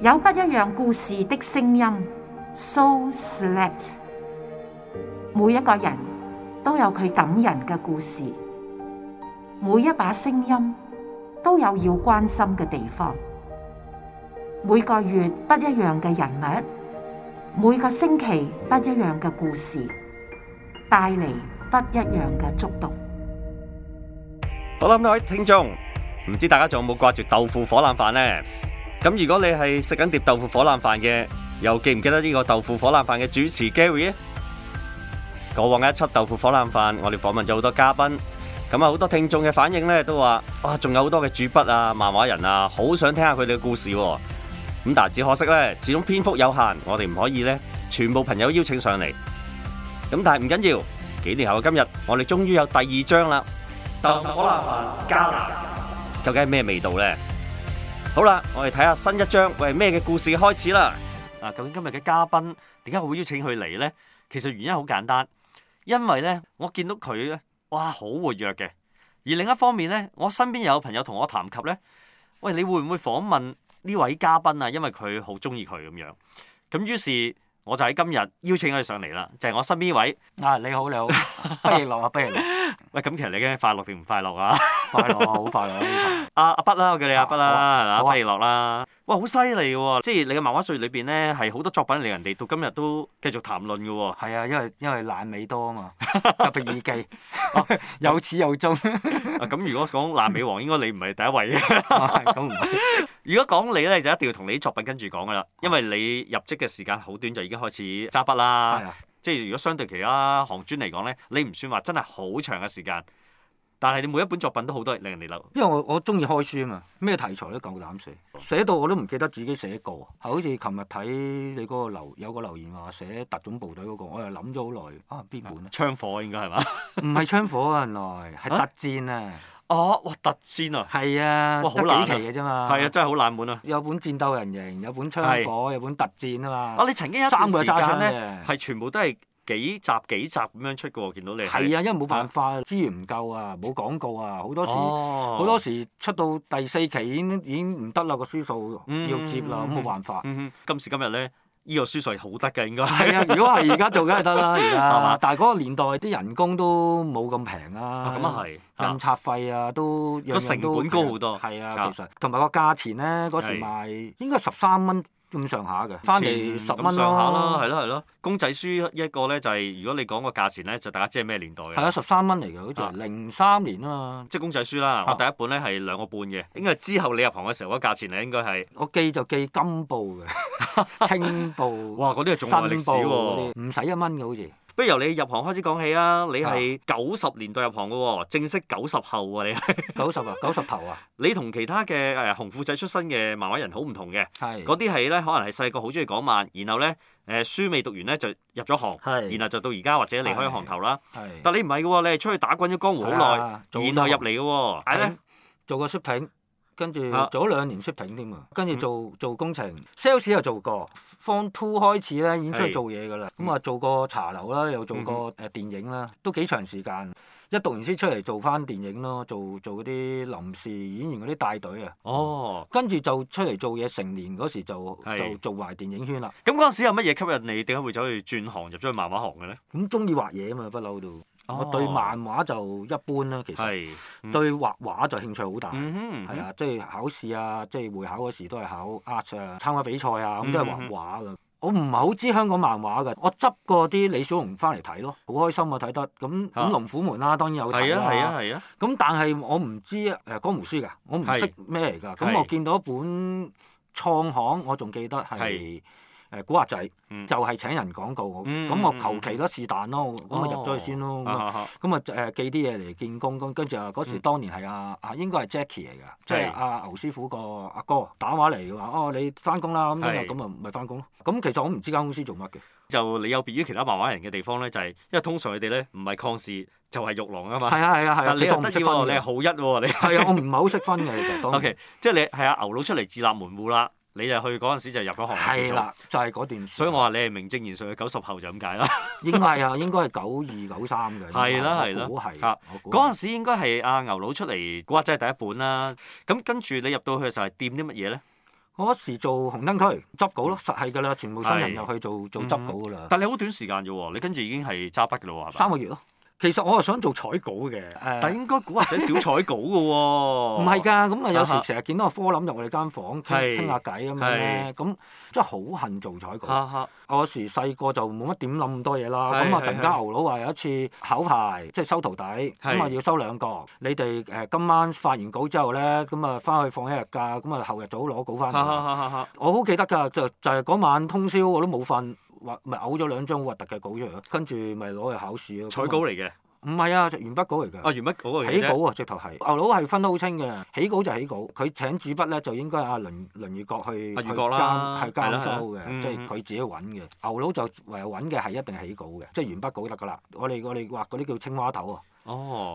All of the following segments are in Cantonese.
有不一樣故事的聲音，So select。每一個人都有佢感人嘅故事，每一把聲音都有要關心嘅地方。每個月不一樣嘅人物，每個星期不一樣嘅故事，帶嚟不一樣嘅觸動。好啦，咁多位聽眾，唔知大家仲有冇掛住豆腐火腩飯呢？咁如果你係食緊碟豆腐火腩飯嘅，又記唔記得呢個豆腐火腩飯嘅主持 Gary 咧？過往一輯豆腐火腩飯，我哋訪問咗好多嘉賓，咁啊好多聽眾嘅反應咧都話，哇仲有好多嘅主筆啊、漫畫人啊，好想聽下佢哋嘅故事啊。咁但係只可惜咧，始終篇幅有限，我哋唔可以咧全部朋友邀請上嚟。咁但係唔緊要，幾年後嘅今日，我哋終於有第二章啦！豆腐火腩飯加辣，究竟係咩味道咧？好啦，我哋睇下新一章，喂，咩嘅故事開始啦？啊，究竟今日嘅嘉賓點解我會邀請佢嚟咧？其實原因好簡單，因為咧我見到佢咧，哇，好活躍嘅。而另一方面咧，我身邊有朋友同我談及咧，喂，你會唔會訪問呢位嘉賓啊？因為佢好中意佢咁樣。咁於是我就喺今日邀請佢上嚟啦，就係我身邊呢位。啊，你好，你好，不如落，不如落。 喂，咁其實你嘅快樂定唔快樂啊？ 快樂啊，好快樂，快樂啊！阿阿筆啦，我叫你阿筆啦，係嘛？快樂啦，哇，好犀利嘅喎！即係你嘅漫畫歲月裏邊咧，係好多作品令人哋到今日都繼續談論嘅喎、啊。係啊，因為因為爛尾多啊嘛，特別耳機有始有終。咁、 啊、如果講爛尾王，應該你唔係第一位嘅，咁唔係。如果講你咧，就一定要同你啲作品跟住講嘅啦，因為你入職嘅時間好短，就已經開始揸筆啦。啊即係如果相對其他行專嚟講咧，你唔算話真係好長嘅時間，但係你每一本作品都好多人令人哋留。因為我我鍾意開書啊嘛，咩題材都夠膽寫，寫到我都唔記得自己寫過。係好似琴日睇你嗰個留有個留言話寫特種部隊嗰個，我又諗咗好耐啊，邊本啊？本槍火應該係嘛？唔 係槍火啊，原來係特戰啊！啊哦，哇！特戰啊，係啊，好、啊、幾期嘅啫嘛，係啊，真係好冷門啊。有本戰鬥人形，有本槍火，是有本特戰啊嘛。哦、啊，你曾經一陣時間咧，係、啊啊、全部都係幾集幾集咁樣出嘅喎，見到你係啊，因為冇辦法、啊、資源唔夠啊，冇廣告啊，好多時好、哦、多時出到第四期已經已經唔得啦，個輸數要接啦，冇、嗯、辦法、嗯。今時今日咧。呢個書稅好得嘅，應該係啊！如果係而家做，梗係得啦，而家，但係嗰個年代啲人工都冇咁平啊，咁啊係，印刷費啊，啊都個、啊、成本高好多，係啊，其實同埋個價錢呢，嗰時賣應該十三蚊。咁上下嘅，翻嚟十蚊上下咯，係咯係咯。公仔書一個咧、就是，就係如果你講個價錢咧，就大家知係咩年代。係啊，十三蚊嚟嘅，好似零三年啊嘛。即公仔書啦，的我第一本咧係兩個半嘅，應該之後你入行嘅時候嗰價錢咧應該係。我記就記金布嘅，青布 部。 哇！嗰啲係仲係歷史嗰唔使一蚊嘅好似。不如由你入行開始講起啊！你係九十年代入行嘅喎，正式九十後喎你。九十啊，九十頭啊！你同其他嘅誒紅褲仔出身嘅漫畫人好唔同嘅，嗰啲係咧可能係細個好中意港漫，然後咧誒書未讀完咧就入咗行，的然後就到而家或者離開行頭啦。但你唔係嘅喎，你係出去打滾咗江湖好耐，然後入嚟嘅喎。係咧，呢做個 shipping。跟住做咗兩年 shipping 添啊，跟住做做工程，sales 又做過 form two 開始咧已經出嚟做嘢噶啦，咁啊是、嗯、做過茶樓啦，又做過誒電影啦，嗯、哼都幾長時間。一讀完書出嚟做翻電影咯，做做嗰啲臨時演員嗰啲帶隊啊。哦。跟住就出嚟做嘢，成年嗰時就是就做埋電影圈啦。咁嗰陣時有乜嘢吸引你？點解會走去轉行入咗去漫畫行嘅咧？咁中意畫嘢啊嘛，不嬲都。我對漫畫就一般啦，其實對畫畫就興趣好大，係、嗯嗯、啊，即、就、係、是、考試啊，即、就、係、是、會考嗰時都係考、Art、啊，參加比賽啊，咁都係畫畫噶。嗯、哼我唔係好知香港漫畫噶，我執過啲李小龍翻嚟睇咯，好開心啊睇得。咁咁龍虎門啦、啊，當然有睇啦、啊。啊咁、啊啊啊、但係我唔知誒、呃《江湖書》噶，我唔識咩嚟噶。咁是我見到一本《創行》，我仲記得係。誒古惑仔就係請人廣告，咁我求其都是但咯，咁我入咗去先咯。咁啊誒寄啲嘢嚟見工，跟住啊嗰時當年係阿阿應該係 Jackie 嚟㗎，即係阿牛師傅個阿哥打電話嚟話哦，你翻工啦，咁啊咁啊咪翻工咯。咁其實我唔知間公司做乜嘅。就你有別於其他漫畫人嘅地方咧，就係因為通常佢哋咧唔係抗事就係玉郎啊嘛。係啊係啊係。啊，你係得意喎，你係好一喎。你係我唔係好識分嘅其實。OK，即係你係阿牛佬出嚟自立門戶啦。你就去嗰陣時就入咗行啦。係啦，就係、是、嗰段時間。所以我話你係名正言順嘅九十後就咁解啦。應該係啊， 應該係九二九三嘅。係啦係啦，嗰陣時應該係阿牛佬出嚟，古惑仔，真係第一本啦。咁跟住你入到去嘅時候係掂啲乜嘢咧？我嗰時做紅燈區執稿咯，嗯嗯、實係噶啦，全部新人入去做做執稿噶啦、嗯。但你好短時間啫喎，你跟住已經係揸筆嘅啦喎，三個月咯。其實我係想做採稿嘅，但係應該估下。即係小採稿嘅喎。唔係㗎，咁啊有時成日見到個科諗入我哋間房傾傾下偈咁樣，咁 真係好恨做採稿。 我時細個 就冇乜點諗咁多嘢啦，咁啊突然間牛佬話有一次考牌，即係收徒弟，咁啊 要收兩個。你哋誒今晚發完稿之後咧，咁啊翻去放一日假，咁啊後日早攞稿翻嚟。 我好記得㗎，就就係嗰晚通宵我都冇瞓。話咪嘔咗兩張核突嘅稿出嚟咯，跟住咪攞去考試咯。彩稿嚟嘅？唔係啊，就鉛筆稿嚟嘅。啊，鉛筆稿啊，起稿喎，直頭係。牛佬係分得好清嘅，起稿就起稿。佢請主筆咧，就應該阿倫倫裕國去。阿裕國啦。監修嘅，即係佢自己揾嘅。牛佬就唯有揾嘅係一定起稿嘅，即係鉛筆稿得㗎啦。我哋我哋畫嗰啲叫青蛙頭啊。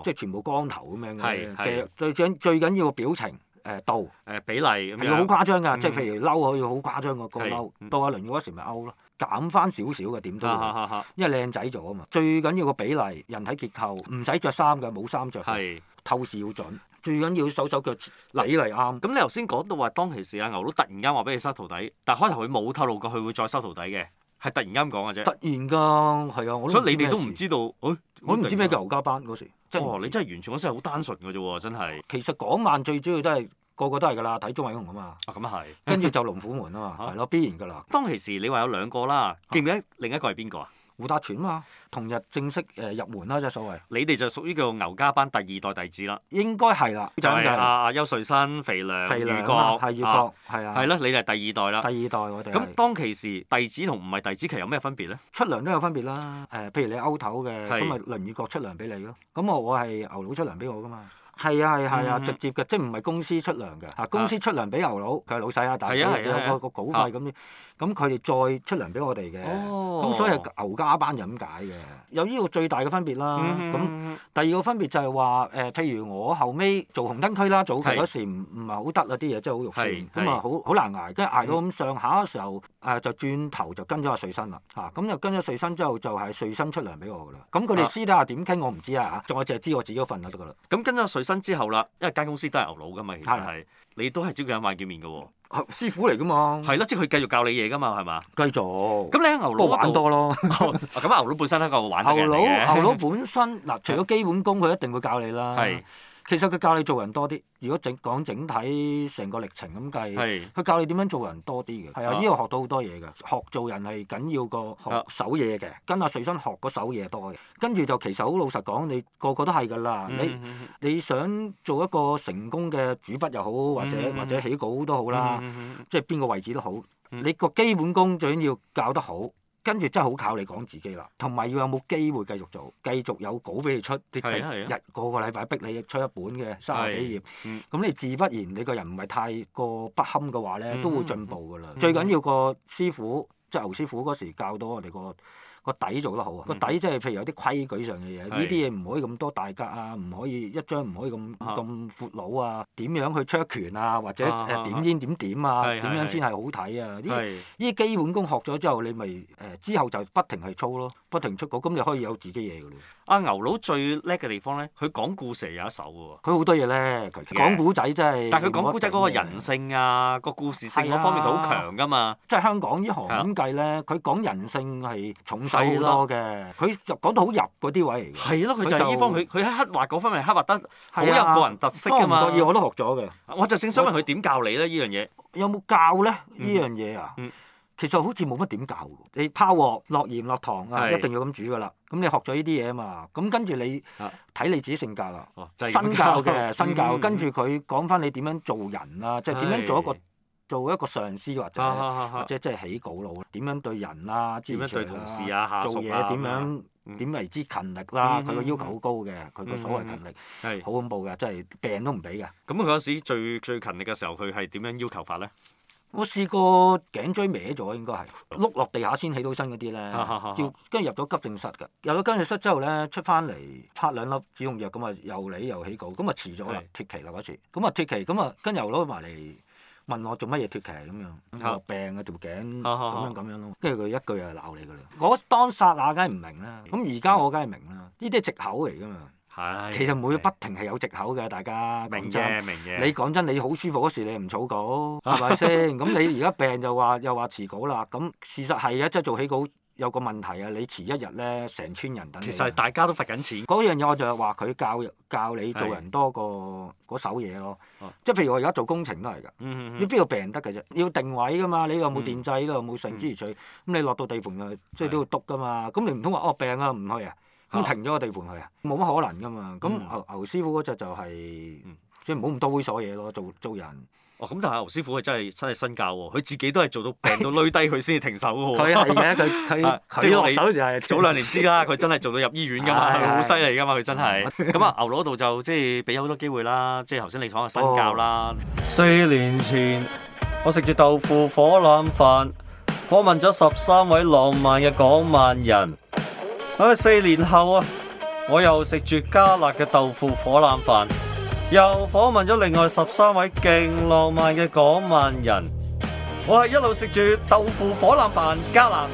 即係全部光頭咁樣嘅，最最緊最緊要個表情誒度誒比例咁樣。要好誇張㗎，即係譬如嬲可以好誇張，個個嬲到阿倫嗰時咪勾咯。減翻少少嘅點都好，啊啊啊因為靚仔咗啊嘛。最緊要個比例、人體結構，唔使著衫㗎，冇衫著。是透視要準，最緊要手手腳趾嚟啱。咁、嗯嗯、你頭先講到話，當其時阿牛佬突然間話俾你收徒弟，但係開頭佢冇透露過佢會再收徒弟嘅，係突然間講嘅啫。突然㗎，係啊，所以你哋都唔知道，哎啊、我我唔知咩叫牛家班嗰時。哦，你真係完全嗰時係好單純嘅啫，真係。其實嗰晚最主要都係。個個都係㗎啦，睇鍾偉雄啊嘛。咁啊係。跟住就龍虎門啊嘛。係咯，必然㗎啦。當其時你話有兩個啦，記唔記得另一個係邊個啊？胡達全嘛。同日正式誒入門啦，即係所謂。你哋就屬於叫牛家班第二代弟子啦。應該係啦。就係阿阿邱瑞生、肥良、餘國、第二國，係啊。啦，你係第二代啦。第二代我哋。咁當其時弟子同唔係弟子，其實有咩分別咧？出糧都有分別啦。誒，譬如你歐頭嘅，咁咪輪餘國出糧俾你咯。咁我我係牛佬出糧俾我㗎嘛。係啊係啊，直接嘅，即係唔係公司出糧嘅，啊公司出糧俾牛佬，佢係老細啊，但係佢有、啊啊、有個個股費咁，咁佢哋再出糧俾我哋嘅，咁、哦、所以係牛家班就咁解嘅。有依個最大嘅分別啦。咁、嗯、哼第二個分別就係話，誒譬如我後屘做紅燈區啦，早期嗰時唔唔係好得啊啲嘢，即係好肉仙是的，咁啊好好難捱，跟住捱到咁上、嗯、下嘅時候，誒就轉頭就跟咗阿穗新啦，啊咁就跟咗穗新之後就係穗新出糧俾我噶啦。咁佢哋私底下點傾我唔知啊嚇，我淨係知我自己嗰份就得噶啦。咁、嗯、跟咗穗新。分之後啦，因為間公司都係牛佬噶嘛，其實係、啊、你都係朝早晚見面嘅喎、啊啊，師傅嚟噶嘛，係咯，即係佢繼續教你嘢噶嘛，係嘛，繼續。咁你喺牛佬玩多咯，咁、 哦、牛佬本身一個玩嘅人嚟嘅。牛佬牛佬本身嗱，除咗基本功，佢 一定會教你啦。係。其實佢教你做人多啲。如果整講整體成個歷程咁計，佢是教你點樣做人多啲嘅。係啊，呢個、啊、學到好多嘢嘅。學做人係緊要過學手嘢嘅。跟阿瑞生學個手嘢多嘅。跟住就其實好老實講，你個個都係㗎啦。嗯、哼你你想做一個成功嘅主筆又好，或者、嗯、哼或者起稿都好啦，嗯、哼即係邊個位置都好，嗯、哼你個基本功最緊要教得好。跟住真係好靠你講自己啦，同埋要有冇機會繼續做，繼續有稿俾你出。日、啊、個個禮拜逼你出一本嘅三十幾頁，咁、啊嗯、你自不然你個人唔係太過不堪嘅話呢，都會進步噶啦。嗯嗯、最緊要個、嗯、師傅，即係牛師傅嗰時教到我哋個。個底做得好啊！個底即係譬如有啲規矩上嘅嘢，呢啲嘢唔可以咁多大格啊，唔可以一張唔可以咁咁闊老啊，點樣去出拳啊，或者誒點煙點點啊，點樣先係好睇啊？呢啲基本功學咗之後，你咪誒之後就不停去操咯，不停出稿，咁你可以有自己嘢噶咯。阿牛佬最叻嘅地方咧，佢講故事有一手噶喎，佢好多嘢咧，講古仔真係。但佢講古仔嗰個人性啊，個故事性嗰方面佢好強噶嘛。即係香港呢行咁計咧，佢講人性係重。好多嘅，佢就講到好入嗰啲位嚟嘅。係咯，佢就係呢方，佢佢喺刻畫嗰方面刻畫得好有個人特色㗎嘛。多唔多嘢我都學咗嘅。我就正想問佢點教你咧呢樣嘢。有冇教咧？呢樣嘢啊，其實好似冇乜點教。你拋鑊落鹽落糖啊，一定要咁煮㗎啦。咁你學咗呢啲嘢啊嘛。咁跟住你睇你自己性格啦。新教嘅新教，跟住佢講翻你點樣做人啊，即係點樣做一個。做一個上司或者或者即係起稿佬，點樣對人啊？點樣對同事啊、下屬啊？做嘢點樣點為之勤力啦？佢個要求好高嘅，佢個所謂勤力好恐怖嘅，即係病都唔俾嘅。咁佢有時最最勤力嘅時候，佢係點樣要求法咧？我試過頸椎歪咗，應該係碌落地下先起到身嗰啲咧，跟住入咗急症室㗎。入咗急症室之後咧，出翻嚟拍兩粒止痛藥，咁啊又嚟又起稿，咁啊遲咗啦，脫期啦嗰次。咁啊脫期，咁啊跟又攞埋嚟。問我做乜嘢脫期咁樣？我病啊條頸咁樣咁樣咯，跟住佢一句又鬧你噶啦。我當剎那梗係唔明啦，咁而家我梗係明啦，呢啲係藉口嚟噶嘛。係。其實唔會不停係有藉口嘅，大家明嘅。明嘅。你講真，你好舒服嗰時你唔儲稿係咪先？咁你而家病又話又話遲稿啦。咁事實係呀，即係做起稿，有個問題啊！你遲一日咧，成村人等你。其實大家都罰緊錢。嗰樣嘢我就係話佢教教你做人多過嗰是手嘢咯。即係譬如我而家做工程都係㗎、嗯嗯。你邊度病得㗎啫？要定位㗎嘛？你又冇電掣，又冇水之餘，咁、嗯、你落到地盤又即係都要篤㗎嘛？咁你唔通話哦病啊唔去啊？咁是停咗個地盤去啊？冇乜可能㗎嘛？咁牛、嗯、牛師傅嗰隻就係即係唔好咁多猥瑣嘢咯。做做人。咁、哦、但係牛師傅佢真係真係身教喎，佢自己都係做到病到攣低佢先至停手，佢係嘅，佢佢即落手嗰時早兩年之間啦，佢 真係做到入醫院噶嘛，好犀利噶嘛，佢真係。咁啊， 牛佬度就即係俾咗好多機會啦，即係頭先你講嘅身教啦。Oh. 四年前我食住豆腐火腩飯，訪問咗十三位浪漫嘅港漫人。唉、哎，四年後啊，我又食住加辣嘅豆腐火腩飯。又訪問咗另外十三位勁浪漫嘅港漫人，我係一路食住豆腐火腩飯加辣，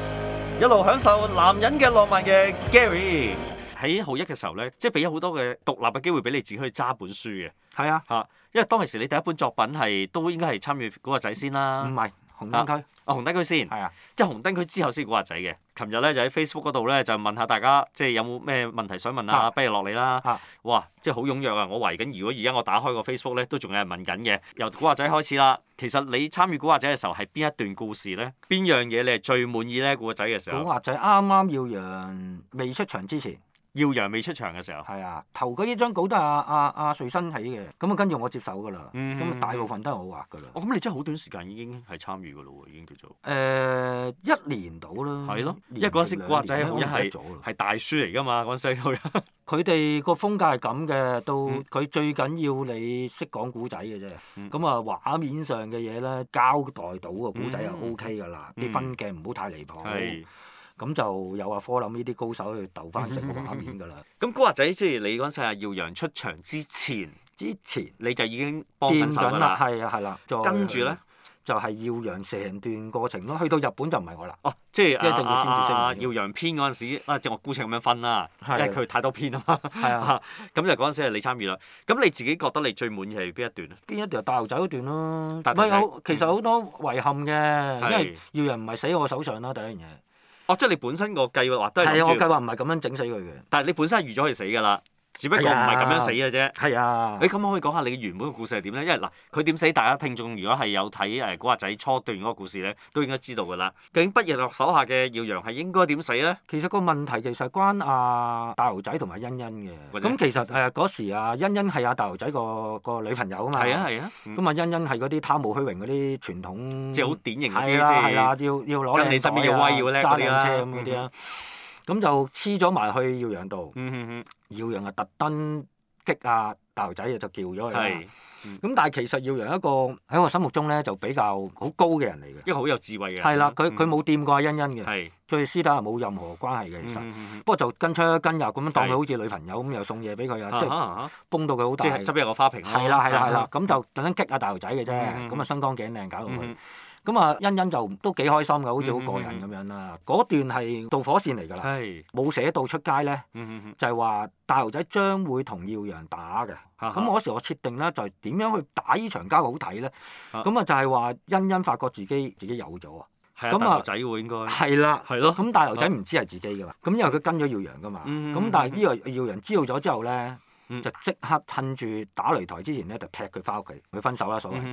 一路享受男人嘅浪漫嘅 Gary。喺浩一嘅時候咧，即係俾咗好多嘅獨立嘅機會俾你自己去揸本書嘅。係啊，嚇，因為當其時你第一本作品係都應該係參與嗰個仔先啦。唔係。紅燈區，紅燈、啊啊、區先，啊、即係紅燈區之後先古惑仔嘅。琴日咧就喺 Facebook 嗰度咧就問下大家，即係有冇咩問題想問下、啊，啊、不如落嚟啦。啊、哇，即係好踴躍啊！我懷緊，如果而家我打開個 Facebook 咧，都仲有人問緊嘅。由古惑仔開始啦。其實你參與古惑仔嘅時候係邊一段故事咧？邊樣嘢你係最滿意咧？古惑仔嘅時候。古惑仔啱啱要人未出場之前。耀陽未出場嘅時候，係啊，頭嗰一張稿都係阿阿阿瑞新起嘅，咁啊跟住我接手噶啦，咁啊大部分都係我畫噶啦。哦，咁你真係好短時間已經係參與噶啦喎，已經叫做誒一年到啦。係咯，一講識古仔，一係係大叔嚟噶嘛，講西區。佢哋個風格係咁嘅，到佢最緊要你識講古仔嘅啫。咁啊，畫面上嘅嘢咧交代到啊，古仔又 OK 噶啦，啲分鏡唔好太離譜，咁就有阿科林呢啲高手去鬥翻成個畫面㗎啦。咁古惑仔即係你嗰陣時，係耀陽出場之前，之前你就已經掂緊啦。係啊，係啦。跟住咧就係耀陽成段過程咯。去到日本就唔係我啦。哦、啊，即係一定要先至識耀陽編嗰陣時，啊，就我姑且咁樣分啦、啊，因為佢太多編啊嘛。係的啊。咁就嗰陣時係你參與啦。咁你自己覺得你最滿意係邊一段咧？邊一段大牛仔嗰段咯。大牛仔，大仔。其實好多遺憾嘅，因為耀陽唔係死喺我手上啦，第一樣嘢。哦，即係你本身個計劃都係諗住。係，我計劃唔係咁樣整死佢嘅。但係你本身預咗佢死㗎啦。只不過唔係咁樣死嘅啫。係啊。你咁可唔可以講下你原本嘅故事係點咧？因為嗱，佢點死？大家聽眾如果係有睇誒《古惑仔》初段嗰個故事咧，都應該知道㗎啦。究竟畢業落手下嘅耀陽係應該點死咧？其實個問題其實係關阿大牛仔同埋欣欣嘅。咁者其實誒嗰時啊，欣欣係阿大牛仔個個女朋友啊嘛。係啊係啊。咁啊，欣欣係嗰啲貪慕虛榮嗰啲傳統。即係好典型嗰啲，即係、啊啊啊。要要攞你身邊要威要叻嗰啲揸啲車咁啲啊！咁就黐咗埋去耀陽度，耀陽啊特登激啊大頭仔就叫咗佢啦。咁但係其實耀陽一個喺我心目中咧就比較好高嘅人嚟嘅，即係好有智慧嘅。係啦，佢佢冇掂過阿欣欣嘅，佢哋私底下冇任何關係嘅其實。不過就跟出跟入咁樣當佢好似女朋友咁又送嘢俾佢啊，即係崩到佢好得意。即係執一個花瓶啊。係啦係啦係啦，咁就特登激啊大頭仔嘅啫，咁啊身光頸靚搞到佢。咁啊，欣欣就都幾開心㗎，好似好過癮咁樣啦。嗰段係導火線嚟㗎啦，冇寫到出街咧，就係話大牛仔將會同耀陽打㗎。咁嗰時我設定咧，就係點樣去打呢場交好睇咧？咁啊就係話欣欣發覺自己自己有咗，咁啊仔會應該係啦，咁大牛仔唔知係自己㗎嘛？咁因為佢跟咗耀陽㗎嘛。咁但係呢個耀陽知道咗之後咧。就即刻趁住打擂台之前咧，就踢佢翻屋企，佢分手啦，所謂。咁啊、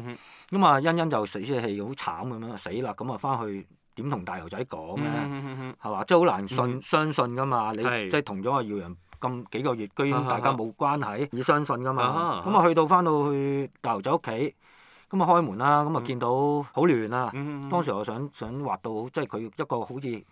嗯哼，欣欣就死死氣好慘咁樣死啦。咁啊，翻去點同大頭仔講咧？係、嗯、哼嘛，的即係好難信相信噶嘛。你即係同咗阿耀陽咁幾個月，居然大家冇關係，你 相信噶嘛？咁啊，去到翻到去大頭仔屋企，咁啊開門啦，咁啊見到好亂啊。嗯、哼當時我想想，想畫到，即係佢一個好似。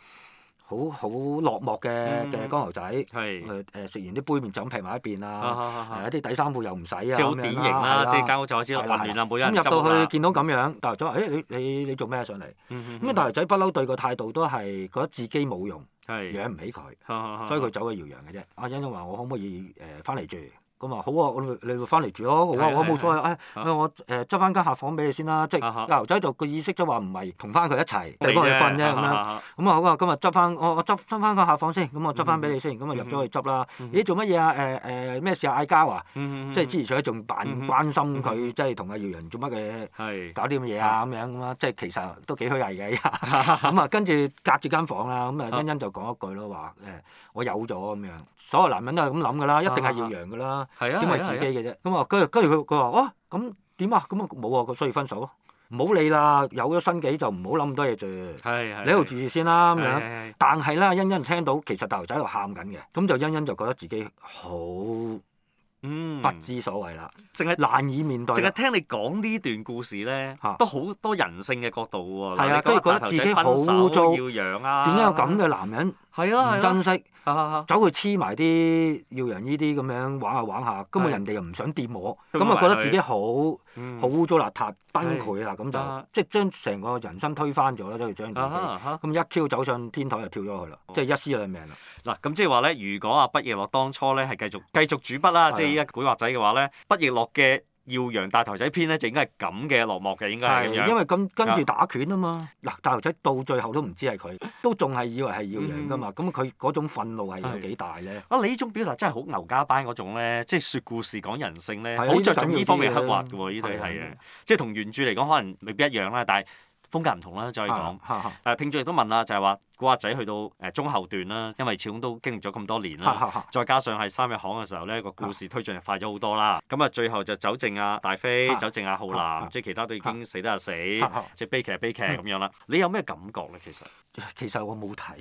好好落寞嘅嘅光頭仔，佢食完啲杯麪就咁撇埋一邊啊！誒一啲底衫褲又唔洗啊！即係好典型啦，即係間屋就我知啦。咁入到去見到咁樣大頭仔話，誒你你你做咩上嚟？咁大頭仔不嬲對個態度都係覺得自己冇用，養唔起佢，所以佢走去搖陽嘅啫。阿欣欣話：我可唔可以誒翻嚟住？咁啊好喎，我你你翻嚟住咯。我我冇所謂，誒我誒執翻間客房俾你先啦。即係牛仔就個意識即係話唔係同翻佢一齊，第二個瞓啫咁樣。咁啊好啊，咁啊執翻我我執執翻個客房先，咁我執翻俾你先，咁啊入咗去執啦。咦做乜嘢啊？誒誒咩事啊？嗌交啊，即係之前仲扮關心佢，即係同阿耀陽做乜嘅搞啲咁嘢啊咁樣，咁啊，即係其實都幾虛偽嘅，咁啊跟住隔住間房啦，咁啊欣欣就講一句咯話誒，我有咗咁樣。所有男人都係咁諗㗎啦，一定係耀陽㗎啦。點為自己嘅啫？咁啊，跟跟住佢，佢話，哇，咁點啊？咁啊，冇啊，佢需要分手咯。唔好理啦，有咗新幾就唔好諗咁多嘢，住你喺度住住先啦咁樣。但係咧，欣欣聽到其實大頭仔喺度喊緊嘅，咁就欣欣就覺得自己好不知所為啦。淨係難以面對。淨係聽你講呢段故事咧，都好多人性嘅角度喎。係啊，跟住覺得自己好污糟，養點解有咁嘅男人唔珍惜？啊、走去黐埋啲要人呢啲咁樣玩下玩下，咁啊是人哋又唔想掂我，咁啊覺得自己好好污糟邋遢崩潰啦，咁是是就即係將成個人生推翻咗啦，即係將自己咁一 Q 走上天台就跳咗去啦，即係、啊、哈一屍兩命啦。嗱，咁即係話咧，如果阿畢業落當初咧係繼續繼續主筆啦，即係依家古惑仔嘅話咧，畢業落嘅。耀揚大頭仔篇咧，就應該係咁嘅落幕嘅，應該係咁樣，樣。因為咁跟住打拳啊嘛。嗱的，大頭仔到最後都唔知係佢，都仲係以為係耀揚㗎嘛。咁佢嗰種憤怒係有幾大咧？啊，你呢種表達真係好牛家班嗰種咧，即係説故事講人性咧，好着的重呢方面刻畫嘅喎。呢對係嘅，的的即係同原著嚟講可能未必一樣啦，但係。風格唔同啦，就可以講。誒聽眾亦都問啦，就係話古惑仔去到誒中後段啦，因為始終都經歷咗咁多年啦。再加上係三日行嘅時候咧，個故事推進就快咗好多啦。咁啊，最後就走剩啊，大飛，走剩啊，浩南，即係其他都已經死得啊死，即係悲劇悲劇咁樣啦。你有咩感覺咧？其實其實我冇睇，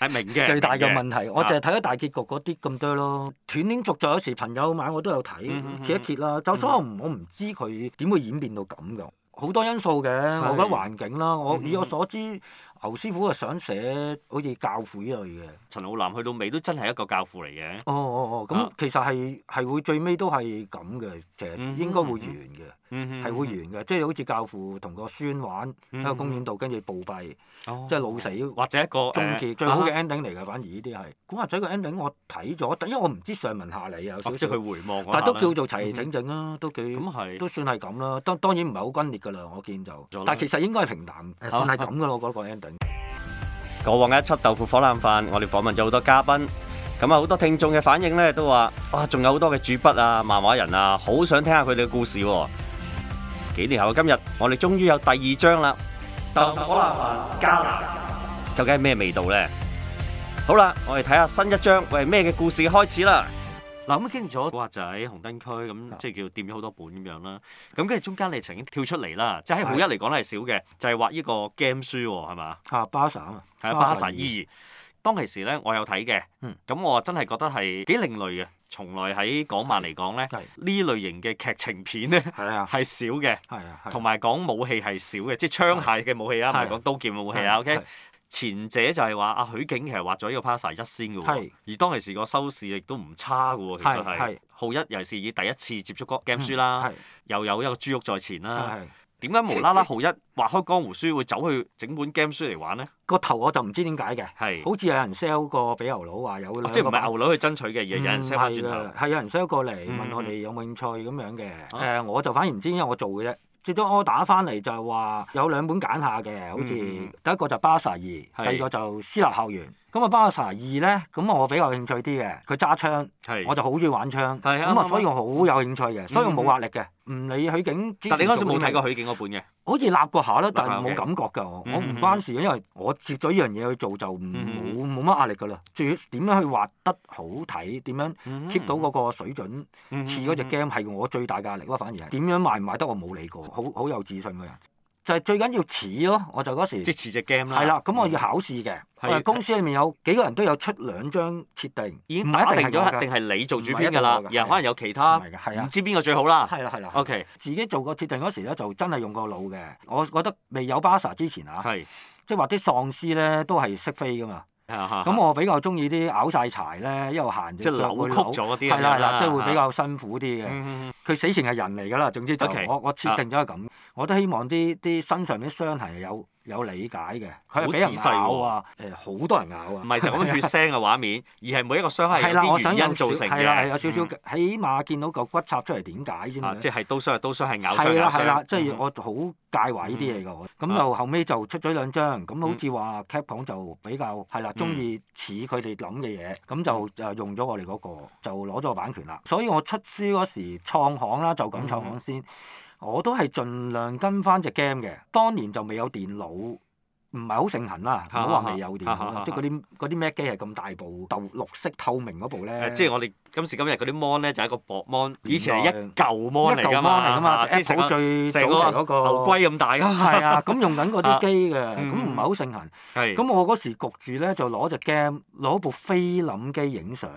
係明嘅最大嘅問題。我淨係睇咗大結局嗰啲咁多咯，斷斷續續有時朋友買我都有睇，揭一揭啦。就所以我唔知佢點會演變到咁樣。好多因素嘅，是的我覺得環境啦，嗯嗯，我以我所知。侯師傅啊，想寫好似教父呢類嘅。陳浩南去到尾都真係一個教父嚟嘅。哦哦哦，咁其實係係會最尾都係咁嘅，其實應該會完嘅，係會完嘅，即係好似教父同個孫玩喺個公園度，跟住暴斃，即係老死。或者一個終結最好嘅 ending 嚟嘅，反而呢啲係。古惑仔嘅 ending 我睇咗，等於我唔知上文下理，有少少。即係佢回望。但都叫做齊齊整整啊，都幾都算係咁啦。當當然唔係好轟烈㗎啦，我見就。但其實應該係平淡。算係咁㗎咯，我覺得個 ending。過往一輯豆腐火腩飯，我哋訪問咗好多嘉賓，咁啊好多聽眾嘅反應咧都話，哇、啊、仲有好多嘅主筆啊、漫畫人啊，好想聽下佢哋嘅故事、啊。幾年後嘅今日，我哋終於有第二章啦！豆腐火腩飯加辣，究竟係咩味道咧？好啦，我哋睇下新一章，會係咩嘅故事開始啦！嗱咁、嗯、經咗古惑仔、就是、紅燈區，咁即係叫掂咗好多本咁樣啦。咁跟住中間你曾經跳出嚟啦，即、就、係、是、好一嚟講係少嘅，就係、是、畫依個 game 書喎，係嘛？嚇，巴薩啊嘛，係啊，巴薩二。薩薩當其時咧，我有睇嘅。嗯。咁我真係覺得係幾另類嘅，從來喺港漫嚟講咧，呢類型嘅劇情片咧係少嘅，同埋講武器係少嘅，即係槍械嘅武器啊，唔係講刀劍嘅武器啊的的，OK？前者就係話阿許景其實畫咗呢個 passer 一先嘅喎，而當其時個收視亦都唔差嘅喎，其實係號一又係以第一次接觸《game 書》啦，又有一個珠玉在前啦，點解無啦啦號一畫開《江湖書》會走去整本《game 書》嚟玩咧？個頭我就唔知點解嘅，好似有人 sell 過畀牛佬話有，即係唔係牛佬去爭取嘅，而係有人 sell 翻轉頭，係有人 sell 過嚟問我哋有冇興趣咁樣嘅，誒我就反而唔知，因為我做嘅啫。接咗柯打翻嚟就話有兩本揀下嘅，好似、嗯嗯、第一個就巴塞爾，第二個就私立校園。咁啊，er《巴薩二》咧，咁我比較興趣啲嘅，佢揸槍，是我就好中意玩槍，咁啊的，所以我好有興趣嘅，所以我冇壓力嘅，唔、嗯、哼理許景。但你嗰陣時冇睇過許景嗰本嘅，好似諗過下啦，但係冇感覺㗎。嗯、哼我我唔關事，因為我接咗依樣嘢去做就冇冇乜壓力㗎啦。至於點樣去畫得好睇，點樣 keep 到嗰個水準，似嗰隻 game 係我最大嘅壓力啦。反而係點樣賣唔賣得，我冇理過，好好有自信嘅人。就係最緊要似咯，我就嗰時即係似隻 game 啦。係啦，咁我要考試嘅，因為的公司裏面有幾個人都有出兩張設定，已經打定咗，一定係你做主編㗎啦，然後可能有其他，唔知邊個最好啦。係啦係啦，OK。自己做個設定嗰時咧，就真係用個腦嘅。我覺得未有巴薩之前啊，的即係話啲喪屍咧都係識飛㗎嘛。咁、嗯、我比較中意啲咬晒柴咧，一路行住，即係扭曲咗啦。係啦係啦，即係會比較辛苦啲嘅。佢、嗯、死前係人嚟㗎啦，總之就 okay，我我設定咗係咁，嗯、我都希望啲啲身上啲傷痕係有。有理解嘅，佢係好自細喎，誒好多人咬啊，唔係就咁血腥嘅畫面，而係每一個傷害係有啲原因造成嘅，係啦，有少少，起碼見到嚿骨插出嚟點解啫？啊，即係刀傷係刀傷，係咬傷。係啦係啦，即係我好介懷呢啲嘢㗎，我咁就後尾就出咗兩張，咁好似話 caption 就比較係啦，中意似佢哋諗嘅嘢，咁就就用咗我哋嗰個，就攞咗個版權啦。所以我出書嗰時創行啦，就咁創行先。我都係盡量跟翻隻 game 嘅，當年就未有電腦，唔係好盛行啦。唔好話未有電腦啦，即係嗰啲嗰啲咩機係咁大部，豆綠色透明嗰部咧。即係我哋今時今日嗰啲 mon 咧，就係一個薄 mon，以前係一嚿 mon 一嚿 Mon 嚟㗎嘛。即最早期嗰個烏龜咁大㗎嘛。係啊，咁用緊嗰啲機嘅，咁唔係好盛行。咁我嗰時焗住咧，就攞隻 game，攞部菲林機影相，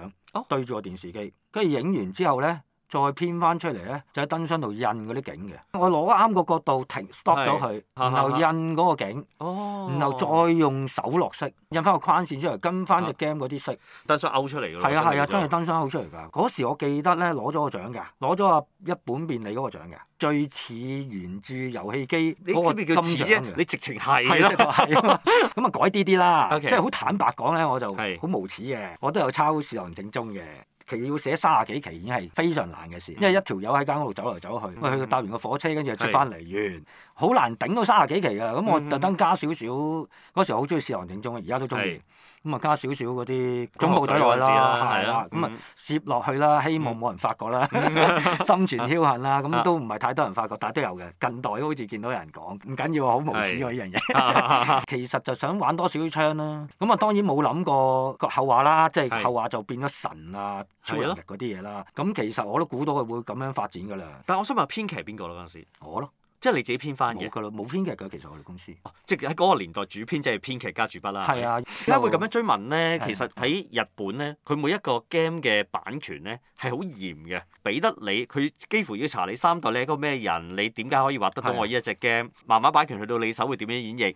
對住個電視機，跟住影完之後咧。再編翻出嚟咧，就喺、是、燈箱度印嗰啲景嘅。我攞啱個角度停 stop 咗佢，的然後印嗰個景，哦、然後再用手落色，印翻個框線出嚟，跟翻隻 game 嗰啲色、啊。燈箱勾出嚟㗎啦。係啊係啊，真係燈箱勾出嚟㗎。嗰時我記得咧，攞咗個獎㗎，攞咗個一本便利嗰個獎㗎。最似原著遊戲機，你邊叫似啫？你直情係咯。咁啊，改啲啲啦。 即係好坦白講咧，我就好無恥嘅。的我都有抄視像整盅嘅。其實要寫三十幾期已經係非常難嘅事，嗯、因為一條友喺間屋度走嚟走去，喂佢搭完個火車跟住又出翻嚟是完，好難頂到三十幾期㗎。咁我特登加少少，嗰、嗯、時好中意試行整盅，而家都中意。咁啊，加少少嗰啲總部隊內啦，係、哦、啦，咁啊啦，攝落、嗯、去啦，希望冇人發覺啦，嗯、 心存僥倖啦，咁 都唔係太多人發覺，但係都有嘅。近代都好似見到有人講，唔緊要啊，好無恥呢樣嘢。 其實就想玩多少少槍啦，咁啊當然冇諗過個後話啦，即係後話就變咗神啊超人嗰啲嘢啦。咁的其實我都估到佢會咁樣發展噶啦。但係我想問編劇係邊個咯嗰陣時？我咯。即係你自己編翻嘢。冇㗎啦，冇編劇㗎，其實我哋公司。啊、即係喺嗰個年代，主編即係編劇加主筆啦。係啊，點解會咁樣追問咧？其實喺日本咧，佢每一個 game 嘅版權咧係好嚴嘅，俾得你佢幾乎要查你三代，你係個咩人？你點解可以畫得到我呢一隻 game？慢慢版權去到你手，會點樣演繹？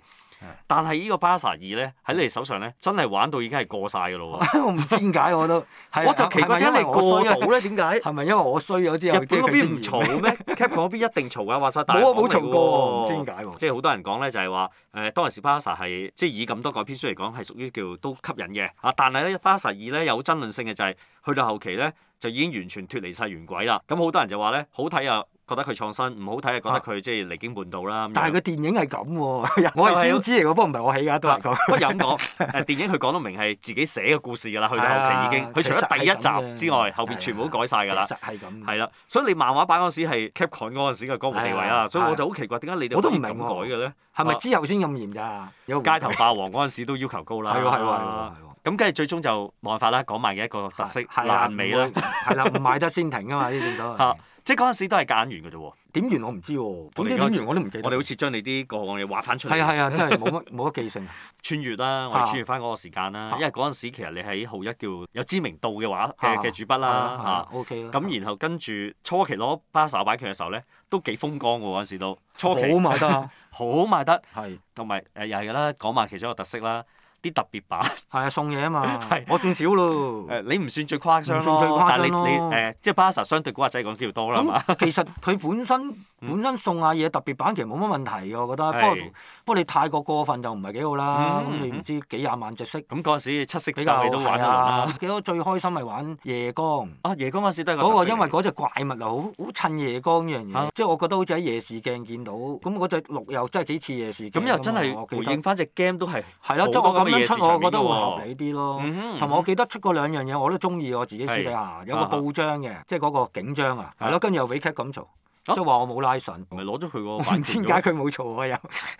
但係呢個《巴薩二》咧喺你手上咧，真係玩到已經係過晒㗎咯喎！ 我唔知點解我都， 我就奇怪，因為過到咧點解？係咪因為我衰啊？ 是是我之後日本嗰邊唔嘈咩 Capcom 嗰邊一定嘈噶話晒大。係冇嘈過唔知點解喎？即係好多人講咧，就係話誒，當時《巴薩》係即係以咁多改編書嚟講係屬於叫都吸引嘅嚇，但係咧《巴薩二》咧有爭論性嘅就係、是、去到後期咧就已經完全脫離晒原軌啦。咁好多人就話咧，好睇啊！覺得佢創新唔好睇啊！覺得佢即係離經叛道啦。但係佢電影係咁喎，我係先知嚟喎，不過唔係我起噶都係咁。不過有講，誒電影佢講到明係自己寫嘅故事噶啦，去到後期已經佢除咗第一集之外，後邊全部都改晒㗎啦。實係咁。係啦，所以你漫畫版嗰陣時係 Capcom 嗰陣時嘅江湖地位啊，所以我就好奇怪點解你哋都唔明咁改嘅咧？係咪之後先咁嚴㗎？《街頭霸王》嗰陣時都要求高啦。係喎係喎係喎。咁跟住最終就冇辦法啦，講埋嘅一個特色爛尾啦，係啦，唔賣得先停噶嘛，呢啲正所謂。即嗰陣時都係夾硬完嘅啫喎。點完我唔知喎。總之點完我都唔記得。我哋好似將你啲個嘢挖翻出嚟。係啊係啊，真係冇乜冇乜記性。穿越啦，我哋穿越翻嗰個時間啦。因為嗰陣時其實你喺號一叫有知名度嘅話嘅嘅主筆啦嚇。O K。咁然後跟住初期攞《巴薩擺錶》嘅時候咧，都幾風光喎嗰陣時都。好賣得。好賣得。係。同埋誒又係啦，講埋其中一個特色啦。啲特別版，係啊送嘢啊嘛，我算少咯。誒你唔算最誇張咯，但係你你誒即係 Bazaar 相對古惑仔講叫多啦。其實佢本身本身送下嘢特別版其實冇乜問題嘅，我覺得。不過不過你太過過分就唔係幾好啦。咁你唔知幾廿萬隻色。咁嗰陣時七色比較係啊。記得最開心係玩夜光。啊夜光嗰陣時得個。嗰個因為嗰隻怪物啊好好襯夜光呢樣嘢，即係我覺得好似喺夜視鏡見到。咁嗰隻綠又真係幾似夜視鏡啊！我記得。回應翻隻 game 都係。係咯，即係我咁。出我覺得會合理啲咯，同埋我記得出過兩樣嘢我都中意，我自己私底下有個報章嘅，即係嗰個警章啊，係咯，跟住又畀 Cat 咁嘈，即係話我冇拉順，唔係攞咗佢個。唔知點解佢冇嘈啊又？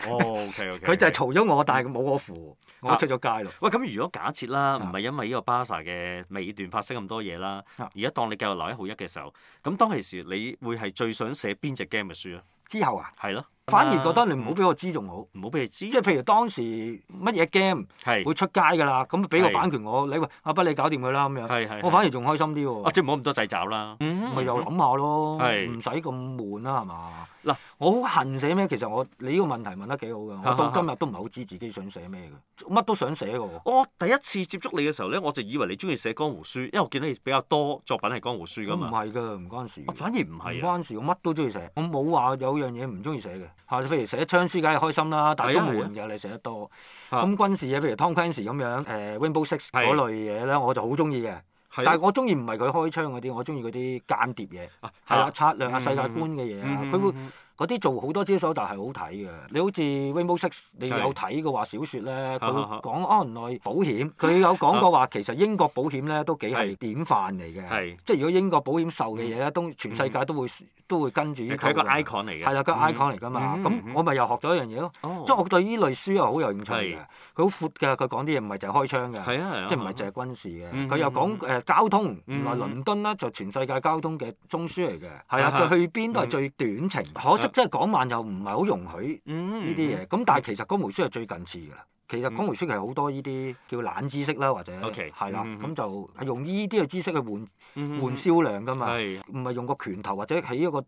哦，OK OK。佢就係嘈咗我，但係佢冇我符，我出咗街咯。喂，咁如果假設啦，唔係因為呢個巴薩嘅尾段發生咁多嘢啦，而家當你繼續留喺好一嘅時候，咁當其時你會係最想寫邊隻 game 嘅書啊？之後啊，係咯，反而覺得你唔好俾我知仲好，唔好俾佢知。即係譬如當時乜嘢 game 會出街㗎啦，咁俾個版權我，你喂阿不，你搞掂佢啦咁樣，我反而仲開心啲喎。啊，即係唔好咁多掣肘啦，咪又諗下咯，唔使咁悶啦，係嘛？嗱，我好恨寫咩？其實我你呢個問題問得幾好㗎，我到今日都唔係好知自己想寫咩㗎，乜都想寫㗎喎。我第一次接觸你嘅時候咧，我就以為你中意寫江湖書，因為我見到你比較多作品係江湖書㗎嘛。唔係㗎，唔關事。反而唔係。唔關事，我乜都中意寫。我冇話有樣嘢唔中意寫嘅嚇，譬如寫槍書梗係開心啦，但係都悶嘅。你寫得多，咁軍事嘢，譬如 Tom Clancy 咁樣，誒，Rainbow Six 嗰類嘢咧，我就好中意嘅。但係我中意唔係佢開槍嗰啲，我中意嗰啲間諜嘢。係啦，測量下世界觀嘅嘢啊，佢會嗰啲做好多焦點，但係好睇嘅。你好似 Rainbow Six，你有睇嘅話，小説咧，佢會講安內保險，佢有講過話，其實英國保險咧都幾係典範嚟嘅。係，即係如果英國保險售嘅嘢咧，都全世界都會。都會跟住呢個，係啦，佢 icon 嚟嘅，係啦，佢 icon 嚟噶嘛。咁我咪又學咗一樣嘢咯。即係我對呢類書又好有興趣嘅。佢好闊嘅，佢講啲嘢唔係淨係開槍嘅，即係唔係淨係軍事嘅。佢又講誒交通，原來倫敦咧就全世界交通嘅中樞嚟嘅。係啦，就去邊都係最短程。可惜即係講慢又唔係好容許呢啲嘢。咁但係其實嗰本書係最近次似㗎。其實江湖術係好多呢啲叫冷知識啦，或者係啦，咁就係用呢啲嘅知識去換換銷量㗎嘛，唔係用個拳頭或者起一個誒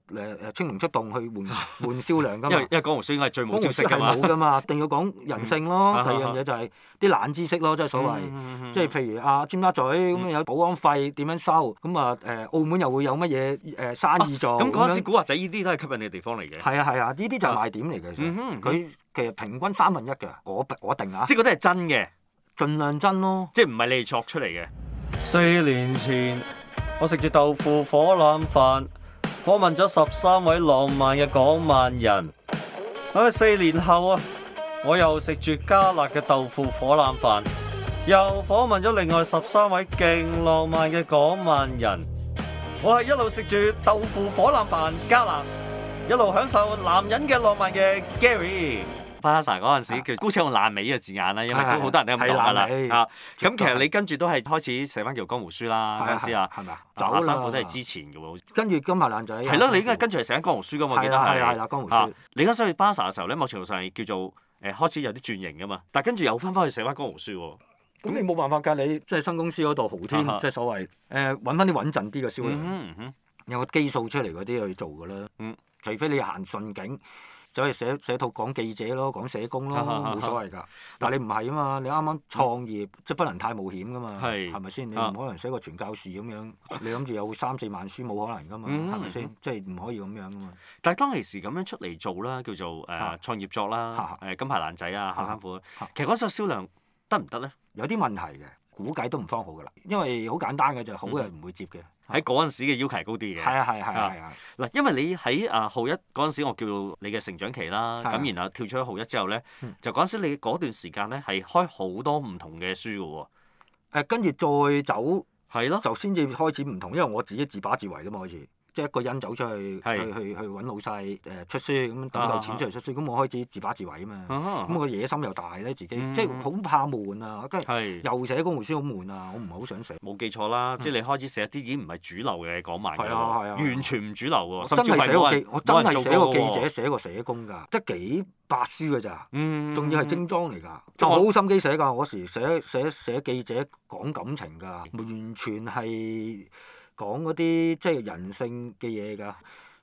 誒青龍出洞去換換銷量㗎嘛。因為江湖術應該係最冇知識㗎嘛。冇㗎嘛，定要講人性咯。第二樣嘢就係啲冷知識咯，即係所謂，即係譬如阿尖沙咀咁有保安費點樣收，咁啊誒澳門又會有乜嘢誒生意做咁，嗰時古惑仔呢啲都係吸引你嘅地方嚟嘅。係啊係啊，呢啲就係賣點嚟嘅。佢。其實平均三分一嘅，我我定啊，即係嗰啲係真嘅，儘量真咯，即係唔係你哋作出嚟嘅。四年前我食住豆腐火腩飯，訪問咗十三位浪漫嘅港漫人。唉，四年後啊，我又食住加辣嘅豆腐火腩飯，又訪問咗另外十三位勁浪漫嘅港漫人。我係一路食住豆腐火腩飯加辣，一路享受男人嘅浪漫嘅 Gary。巴薩嗰陣時叫姑且用爛尾嘅字眼啦，因為都好多人唔懂噶啦嚇。咁其實你跟住都係開始寫翻叫江湖書啦嗰陣時啊，走衫褲都係之前嘅喎。跟住今日爛仔，係咯，你應該跟住係寫江湖書噶嘛？記得係。係啦，江湖書。你而家所以巴薩嘅時候咧，某程度上係叫做誒開始有啲轉型噶嘛？但係跟住又翻翻去寫翻江湖書喎。咁你冇辦法㗎？你即係新公司嗰度好天即係所謂誒揾翻啲穩陣啲嘅銷量，有個基數出嚟嗰啲去做㗎啦。除非你行順境。可以寫寫套講記者咯，講社工咯，冇所謂㗎。啊、但你唔係啊嘛，你啱啱創業，即、嗯、不能太冒險㗎嘛，係咪先？你唔可能寫個傳教士咁樣，啊、你諗住有三四萬書，冇可能㗎嘛，係咪先？吧即係唔可以咁樣㗎嘛。但係當其時咁樣出嚟做啦，叫做誒、呃、創業作啦，誒金牌爛仔啊，夏三虎，啊啊啊、其實嗰首銷量得唔得咧？有啲問題嘅。估計都唔方好㗎啦，因為好簡單嘅就，好嘅唔會接嘅。喺嗰陣時嘅要求係高啲嘅。係啊係啊，係啊。嗱、啊啊，因為你喺啊號一嗰陣時，我叫你嘅成長期啦。咁、啊、然後跳出咗號一之後咧，嗯、就嗰陣時你嗰段時間咧係開好多唔同嘅書嘅喎、哦。誒、呃，跟住再走，係咯、啊，就先至開始唔同，因為我自己自把自為㗎嘛，開始。即係一個人走出去，去去去揾老細誒出書咁揼夠錢出嚟出書，咁我開始自把自為啊嘛。咁我野心又大咧，自己即係好怕悶啊，跟住又寫工會書好悶啊，我唔係好想寫。冇記錯啦，即係你開始寫啲已經唔係主流嘅講埋，完全唔主流㗎喎。真係寫個記，我真係寫個記者寫個社工㗎，得幾百書㗎咋？仲要係精裝嚟㗎，就冇心機寫㗎。我嗰時寫寫寫記者講感情㗎，完全係。講嗰啲即係人性嘅嘢㗎，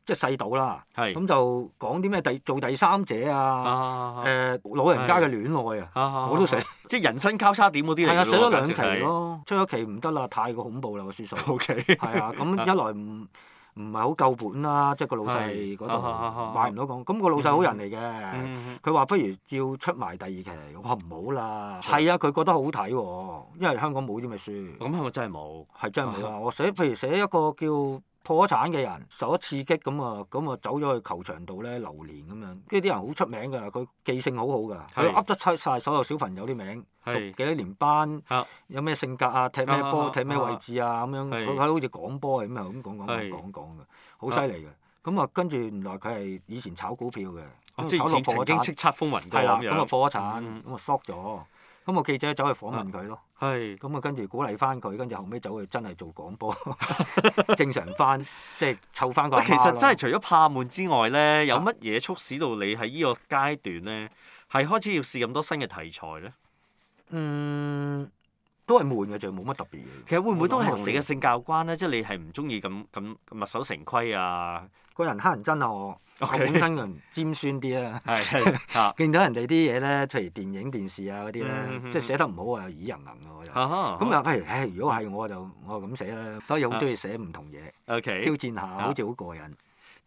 即係世道啦。咁是就講啲咩第做第三者啊？誒、啊啊呃、老人家嘅戀愛啊，啊我都寫，啊啊啊、 即係人生交叉點嗰啲嚟，係啊，寫咗兩期咯，出咗期唔得啦，太過恐怖啦，事實。O K。係啊，咁一來唔。 唔係好夠本啦，即係個老細嗰度買唔到咁。咁個老細好人嚟嘅，佢話、嗯嗯、不如照出埋第二期。我話唔好啦。係以啊，佢覺得好睇喎、哦，因為香港冇啲咁嘅書。咁香港真係冇。係真係冇啊！我寫，譬如寫一個叫。破咗產嘅人受咗刺激咁啊，咁啊走咗去球場度咧流連咁樣，跟住啲人好出名嘅，佢記性好好嘅，佢噏得出晒所有小朋友啲名，讀幾多年班，有咩性格啊，踢咩波，踢咩位置啊，咁樣佢喺好似講波咁啊，咁講講講講嘅，好犀利嘅。咁啊，跟住原來佢係以前炒股票嘅，炒到破咗產，咁啊 short 咗。咁個記者走去訪問佢咯，係，咁啊跟住鼓勵翻佢，跟住後尾走去真係做廣播， 正常翻即係湊翻個。其實真係除咗怕悶之外咧，啊、有乜嘢促使到你喺呢個階段咧，係開始要試咁多新嘅題材咧？嗯。都係悶嘅，就冇乜特別嘢。其實會唔會都係同你嘅性教官咧？即係你係唔中意咁咁墨守成規啊？個人乞人憎啊，我。係啊。我本身就尖酸啲啦。係係。見到人哋啲嘢咧，譬如電影、電視啊嗰啲咧，即係寫得唔好啊，又耳人能㗎，我又。哦。咁又譬如，唉，如果係我就我咁寫啦。所以好中意寫唔同嘢。OK。挑戰下，好似好過癮。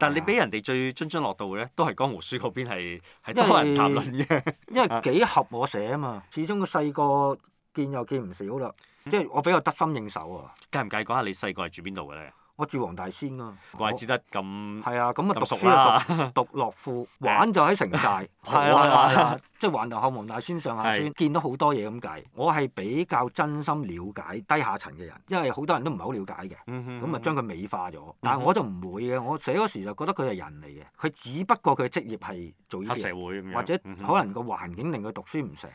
但係你俾人哋最津津樂道嘅咧，都係江湖書嗰邊係係多人談論嘅。因為幾合我寫啊嘛，始終個細個。見又見唔少啦，即係我比較得心應手啊！介唔介意講下你細個係住邊度㗎咧？我住黃大仙啊！怪之得咁，係啊咁啊讀書又讀讀樂富，玩就喺城寨。係啊係啊，即係環頭巷黃大仙上下村，見到好多嘢咁解。我係比較真心了解低下層嘅人，因為好多人都唔係好了解嘅。嗯哼。咁啊，將佢美化咗。但係我就唔會嘅。我寫嗰時就覺得佢係人嚟嘅。佢只不過佢嘅職業係做黑社會咁樣，或者可能個環境令佢讀書唔成。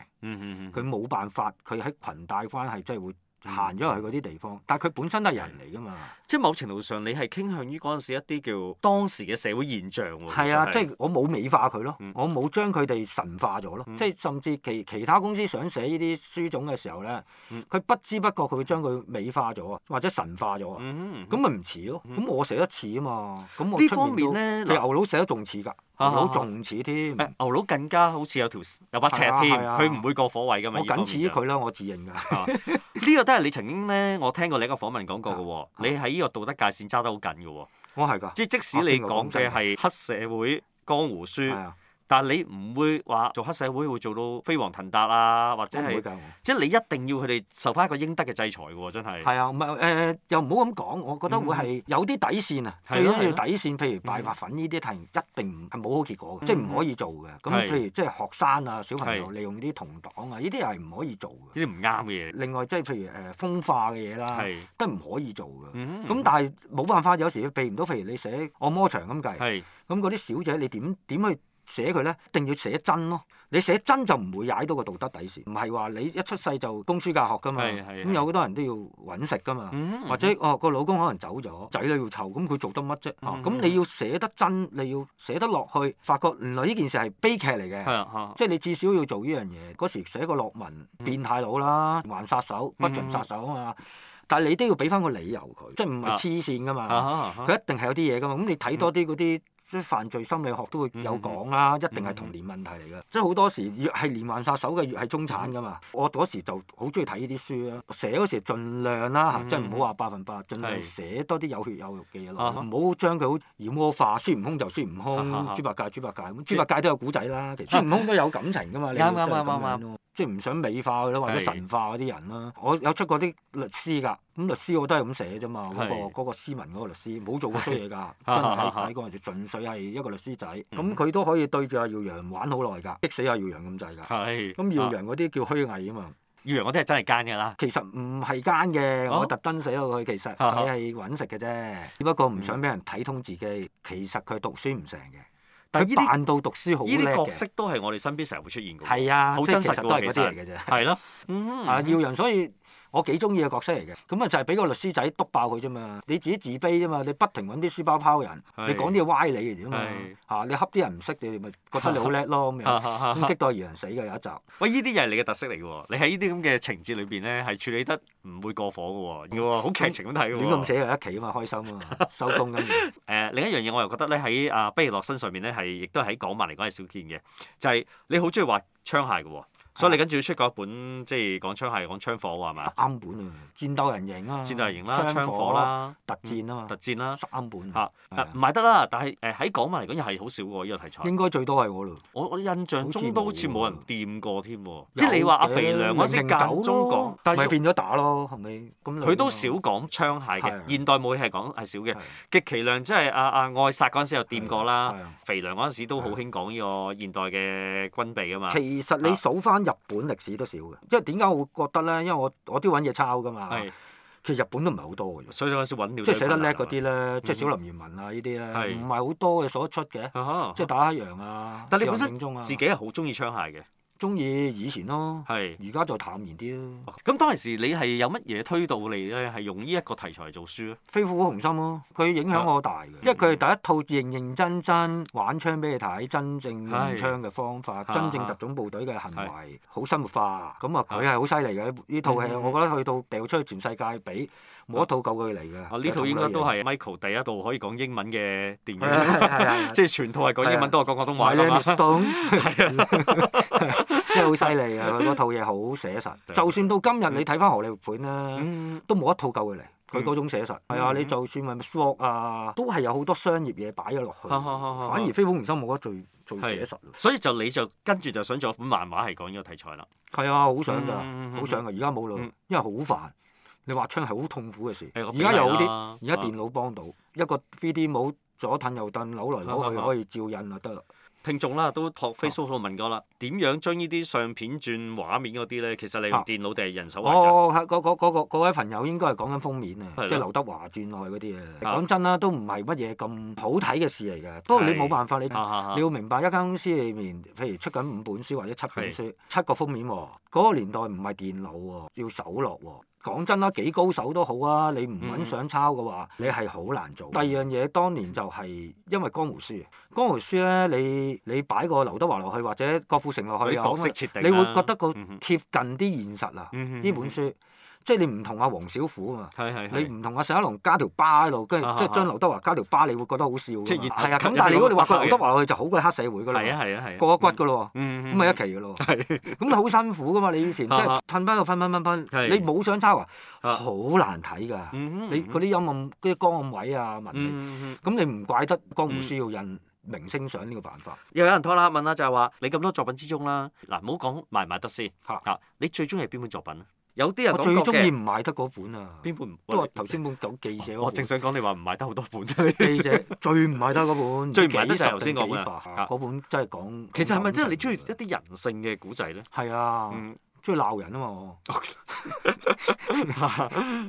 佢冇辦法，佢喺裙帶關係真係會。行咗去嗰啲地方，但佢本身都係人嚟㗎嘛。即係某程度上，你係傾向於嗰陣時一啲叫當時嘅社會現象喎。係啊，是即係我冇美化佢咯，嗯、我冇將佢哋神化咗咯。嗯、即係甚至其其他公司想寫依啲書種嘅時候咧，佢、嗯、不知不覺佢會將佢美化咗啊，或者神化咗啊。咁咪唔似咯？咁、嗯、哼我寫得似啊嘛。咁我呢方面咧，你牛佬寫得仲似㗎。牛佬仲似添，牛佬更加好似有條有把尺添，佢唔、啊啊、會過火位㗎嘛。我僅此於佢啦，嘛我自認㗎、啊。呢 個都係你曾經咧，我聽過你一個訪問講過嘅喎，啊啊、你喺呢個道德界線揸得好緊㗎喎。我係㗎，即、啊、即使你講嘅係黑社會江湖書。但係你唔會話做黑社會會做到飛黃騰達啊，或者係即係你一定要佢哋受翻一個應得嘅制裁喎，真係。係啊，唔係誒，又唔好咁講。我覺得會係有啲底線啊，最緊要底線。譬如拜化粉呢啲係一定唔係冇好結果嘅，即係唔可以做嘅。咁譬如即係學生啊，小朋友利用啲同黨啊，呢啲係唔可以做嘅。呢啲唔啱嘅嘢。另外即係譬如誒風化嘅嘢啦，都唔可以做嘅。咁但係冇辦法，有時避唔到。譬如你寫按摩場咁計，咁嗰啲小姐你點點去？寫佢咧，一定要寫真咯。你寫真就唔會踩到個道德底線。唔係話你一出世就供書教學噶嘛。咁有好多人都要揾食噶嘛。或者哦，個老公可能走咗，仔女要湊，咁佢做得乜啫？哦，咁你要寫得真，你要寫得落去，發覺原來呢件事係悲劇嚟嘅。即係你至少要做呢樣嘢。嗰時寫個落文，變態佬啦，環殺手、不准殺手啊嘛。但係你都要俾翻個理由佢，即係唔係黐線噶嘛？佢一定係有啲嘢噶嘛。咁你睇多啲嗰啲。即犯罪心理學都會有講啦，一定係童年問題嚟嘅。即係好多時越係連環殺手嘅，越係中產㗎嘛。我嗰時就好中意睇呢啲書啦。寫嗰時盡量啦，即係唔好話百分百，盡量寫多啲有血有肉嘅嘢落去，唔好將佢好妖魔化。孫悟空就孫悟空，豬八戒豬八戒，豬八戒都有古仔啦。其實孫悟空都有感情㗎嘛。啱啱啱啱啱，即係唔想美化佢啦，或者神化嗰啲人啦。我有出過啲律詩㗎。咁律師我都係咁寫啫嘛，嗰個嗰個斯文嗰個律師冇做過衰嘢㗎，真係喺喺嗰陣時純粹係一個律師仔，咁佢都可以對住阿耀陽玩好耐㗎，逼死阿耀陽咁滯㗎。咁耀陽嗰啲叫虛偽啊嘛。耀陽嗰啲係真係奸㗎啦。其實唔係奸嘅，我特登寫死咗佢。其實佢係揾食嘅啫。只不過唔想俾人睇通自己。其實佢讀書唔成嘅，但係扮到讀書好叻。呢啲角色都係我哋身邊成日會出現嘅。係啊，好真實都係嗰啲嚟嘅啫。係咯，啊耀陽，所以。我幾中意嘅角色嚟嘅，咁啊就係俾個律師仔篤爆佢啫嘛，你自己自卑啫嘛，你不停揾啲書包拋人，你講啲嘢歪理嚟啫嘛，嚇、啊、你恰啲人唔識你，咪覺得你好叻咯咁樣，激到阿姚人死㗎有一集。喂，呢啲又係你嘅特色嚟嘅喎，你喺呢啲咁嘅情節裏邊咧，係處理得唔會過火嘅喎，好劇情咁睇嘅。亂咁寫喺屋企啊嘛，開心啊嘛，收工跟住誒，另一樣嘢我又覺得咧，喺阿畢如樂身上面咧，係亦都喺港漫嚟講係少見嘅，就係、是、你好中意畫槍械嘅喎。所以你跟住出嗰一本，即係講槍械、講槍火，係咪啊？三本啊，戰鬥人形啊。戰鬥人形啦，槍火啦。特戰啊嘛。特戰啦。三本。嚇！唔係得啦，但係誒喺港漫嚟講，又係好少喎呢個題材。應該最多係我咯。我我印象中都好似冇人掂過添喎。即係你話阿肥良嗰陣時搞中國，咪變咗打咯，係咪？咁。佢都少講槍械嘅，現代武器係講係少嘅。極其量即係阿阿愛殺嗰陣時又掂過啦。肥良嗰陣時都好興講呢個現代嘅軍備啊嘛。其實你數翻。日本歷史都少嘅，即係點解我會覺得咧？因為我我都要揾嘢抄㗎嘛，是其實日本都唔係好多嘅，所以有時揾料即係寫得叻嗰啲咧，嗯、哼即係小林源文啊呢啲咧，唔係好多嘅，數得出嘅，嗯、哼即係打黑洋啊，啊，但係你本身自己係好中意槍械嘅、啊。啊中意以前咯，而家是就淡然啲啦。咁當時你係有乜嘢推導你咧？係用呢一個題材做書咧，《飛虎雄心》咯，佢影響我好大嘅，啊、因為佢係第一套認認真真玩槍俾你睇，真正用槍嘅方法，是真正特種部隊嘅行為，好是生活化。咁是啊，佢係好犀利嘅呢套戲，我覺得去到掉出去全世界畀。冇一套救佢嚟嘅。呢套應該都係 Michael 第一套可以講英文嘅電影，即係全套係講英文，都係講廣東話啊嘛。係啊，真係好犀利啊！佢嗰套嘢好寫實，就算到今日你睇翻荷里活片啦，都冇一套救佢嚟。佢嗰種寫實。係啊，你就算咪 s t o k 啊，都係有好多商業嘢擺咗落去，反而《飛虎雄心》冇得做最寫實。所以就你就跟住就想做一本漫畫係講呢個題材啦。係啊，好想㗎，好想㗎，而家冇啦，因為好煩。你畫槍係好痛苦嘅事，而家又好啲，而家、啊、電腦幫到、啊、一個 three D 模左褪右褪扭來扭去、啊、可以照印就得啦。聽眾啦都托 Facebook 問過啦，點樣、啊、將呢啲相片轉畫面嗰啲咧？其實你用電腦定係人手畫、啊？哦哦，嗰嗰嗰個嗰位朋友應該係講緊封面啊，即係劉德華轉內嗰啲啊。講真啦，都唔係乜嘢咁好睇嘅事嚟嘅。不過你冇辦法，你、啊、你要明白一間公司裏面，譬如出緊五本書或者七本書，是七個封面喎，嗰、那個年代唔係電腦喎，要搜落喎。講真啦，幾高手都好啊！你唔揾想抄嘅話，嗯、哼你係好難做。第二樣嘢，當年就係因為江湖書，江湖書咧，你你擺個劉德華落去或者郭富城落去，你角色設定、啊、你會覺得個貼近啲現實啊！呢、嗯、哼本書。即係你唔同阿王小虎啊嘛，你唔同阿成一龍加條疤喺度，跟住即係將劉德華加條疤，你會覺得好笑嘅。係啊，咁但係如果你話個劉德華落去就好鬼黑社會噶啦，過骨噶咯喎，咁咪一期噶咯喎。咁你好辛苦噶嘛？你以前即係噴翻個噴噴噴噴，你冇相抄啊，好難睇㗎。你嗰啲陰暗、嗰啲光暗位啊，文，咁你唔怪得江湖需要印明星相呢個辦法。又有人拖拉問啦，就係話你咁多作品之中啦，嗱唔好講埋埋得先嚇你最中意邊本作品？有啲人最中意唔買得嗰本啊！邊本？不過頭先本狗記者，我正想講你話唔買得好多本啫。記者最唔買得嗰本。最尾就頭先嗰本，嗰本真係講。其實係咪真係你中意一啲人性嘅古仔咧？係啊，中意鬧人啊嘛！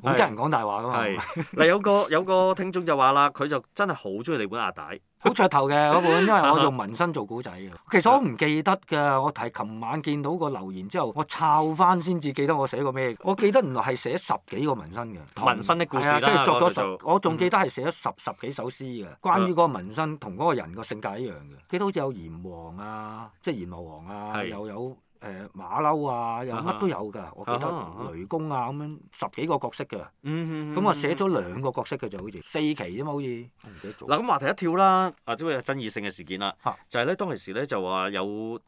我真係憎人講大話㗎嘛。嗱，有個有個聽眾就話啦，佢就真係好中意你本阿大。好噱 頭嘅嗰本，因為我用紋身做古仔嘅。 其實我唔記得㗎，我係琴晚見到個留言之後，我抄翻先至記得我寫過咩。我記得原來係寫十幾個紋身嘅紋身的故事跟住作咗十，我仲記得係寫咗十十幾首，首詩嘅，關於嗰個紋身同嗰個人個性格一樣嘅。記得好似有閻王啊，即係閻羅王啊， 又有。誒，馬騮啊，又乜都有㗎。我記得雷公啊，咁樣十幾個角色㗎。咁我寫咗兩個角色嘅就好似四期啫嘛，好似唔記得咗。嗱咁話題一跳啦，啊，只不過有爭議性嘅事件啦，就係咧當其時咧就話有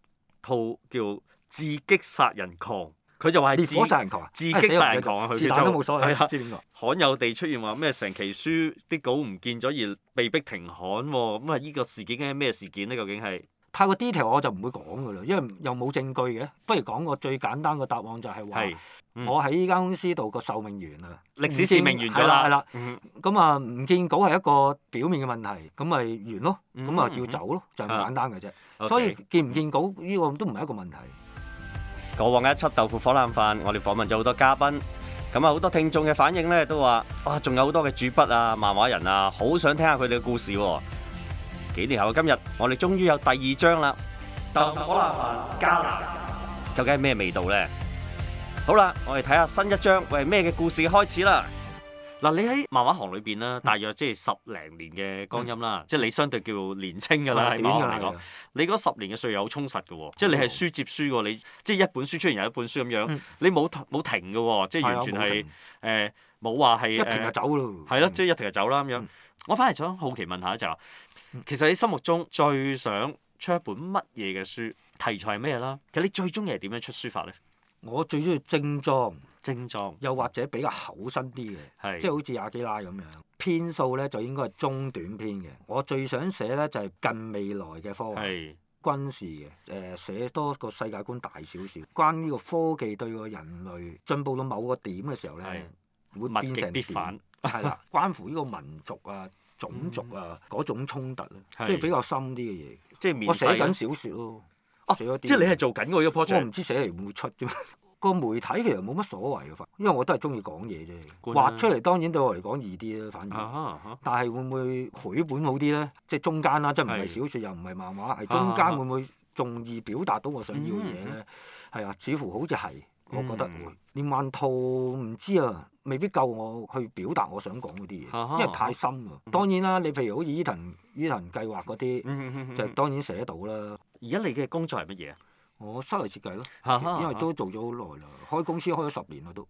套叫《自擊殺人狂》，佢就話係自殺人狂，自擊殺人狂啊！佢呢張，知唔知點講？罕有地出現話咩？成期書啲稿唔見咗而被逼停刊喎。咁啊，依個事件係咩事件咧？究竟係？下個 detail 我就唔會講噶啦，因為又冇證據嘅，不如講個最簡單嘅答案就係話，我喺呢間公司度個壽命完啦，歷史使命完咗啦，咁啊唔見稿係一個表面嘅問題，咁咪完咯，咁啊要走咯，就咁簡單嘅啫。所以見唔見稿呢個都唔係一個問題。過往一輯豆腐火腩飯，我哋訪問咗好多嘉賓，咁啊好多聽眾嘅反應咧都話：哇，仲有好多嘅主筆啊、漫畫人啊，好想聽下佢哋嘅故事喎。幾年後今日，我哋終於有第二章啦！豆果辣飯加辣，究竟係咩味道呢？好啦，我哋睇下新一章會係咩嘅故事開始啦！嗱，你喺漫畫行裏邊咧，大約即係十零年嘅光陰啦，即係你相對叫年青㗎啦。點嘅嚟講？你嗰十年嘅歲月好充實嘅喎，即係你係書接書喎，你即係一本書出完又一本書咁樣，你冇冇停嘅喎，即係完全係誒冇話係一停就走咯。係咯，即係一停就走啦咁樣。我反而想好奇問下就，其實你心目中最想出一本乜嘢嘅書？題材係咩嘢啦？其實你最中意係點樣出書法咧？我最中意正裝。症狀，又或者比較厚身啲嘅，即係好似阿基拉咁樣。篇數咧就應該係中短篇嘅。我最想寫咧就係近未來嘅科幻，軍事嘅。誒寫多個世界觀大少少，關於個科技對個人類進步到某個點嘅時候咧，會變成點。物極必反係啦，關乎呢個民族啊、種族啊嗰種衝突啊，即係比較深啲嘅嘢。即係我寫緊小説咯，即係你係做緊個 proposal，唔知寫嚟會唔會出啫？個媒體其實冇乜所謂嘅，因為我都係中意講嘢啫。畫出嚟當然對我嚟講易啲啦，反而。但係會唔會繪本好啲呢？即係中間啦，即係唔係小説又唔係漫畫，係中間會唔會仲易表達到我想要嘅嘢呢？係啊，似乎好似係，我覺得會。連環圖唔知啊，未必夠我去表達我想講嗰啲嘢，因為太深啊。當然啦，你譬如好似伊藤、伊藤計劃嗰啲，就當然寫到啦。而家你嘅工作係乜嘢？我室內設計咯，因為都做咗好耐啦，開公司開咗十年啦都。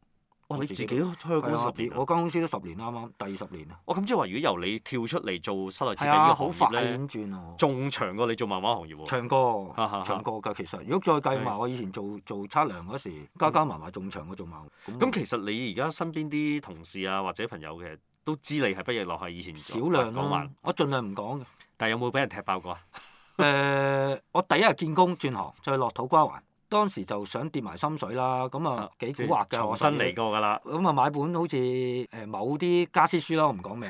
哇！你自己都開公司十年，我間公司都十年啱啱，第二十年啊。哦，咁即係話，如果由你跳出嚟做室內設計，好快轉轉喎，仲長過你做漫畫行業喎。長過，長過㗎其實。如果再計埋我以前做做測量嗰時，加加埋埋仲長過做漫畫。咁其實你而家身邊啲同事啊或者朋友嘅，都知你係不亦落兮以前做量，話。我盡量唔講。但係有冇俾人踢爆過啊？誒、 呃，我第一日見工轉行，就去、是、落土瓜灣，當時就想跌埋心水啦，咁啊幾蠱惑嘅，我新嚟過噶啦，咁啊買本好似誒某啲家私書啦。我唔講名，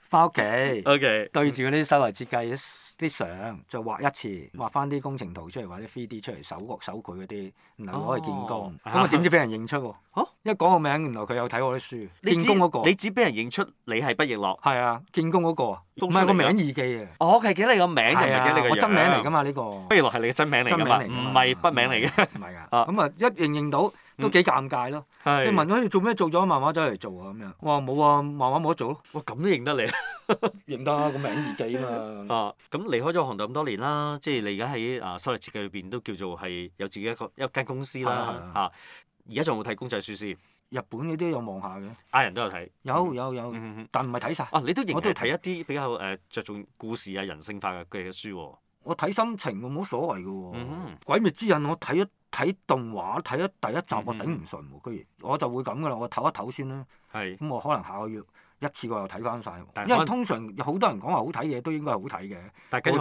翻屋企，對住嗰啲室內設計。嗯嗯啲相就畫一次，畫翻啲工程圖出嚟或者 three D 出嚟，手角手繪嗰啲，然後攞去見工。咁啊點知俾人認出喎？嚇！一講個名，原來佢有睇我啲書。見工嗰個，你只俾人認出你係畢易樂。係啊，見工嗰個啊，唔係個名易記啊。我係記得你個名㗎。係咪記得你個真名嚟㗎嘛？呢個畢易樂係你嘅真名嚟㗎嘛？唔係筆名嚟嘅。唔係㗎。咁啊，一認認到。都幾尷尬咯！一是問佢做咩做咗，漫畫走嚟做啊咁樣。我話冇啊，漫畫冇得做咯、啊。哇、哦！咁都認得你， 認得個、啊、名自己嘛啊在在？啊！咁離開咗韓國咁多年啦，即係你而家喺啊，室內設計裏邊都叫做係有自己一個一間公司啦嚇。而家仲有冇睇公仔書先、啊啊？日本嘅都有望下嘅。藝、啊、人都有睇。有有有，有嗯、哼但唔係睇晒。啊！你都我都係睇一啲比較誒著重故事啊、人性化嘅嘅書喎。我睇心情，我冇乜所謂嘅喎、啊。嗯、哼鬼滅之刃我睇咗。睇動畫睇咗第一集我頂唔順喎，嗯嗯，居然我就會咁噶啦，我唞一唞先啦。咁我是可能下個月一次過又睇翻晒。因為通常有好多人講話好睇嘢，都應該係好睇嘅。但係講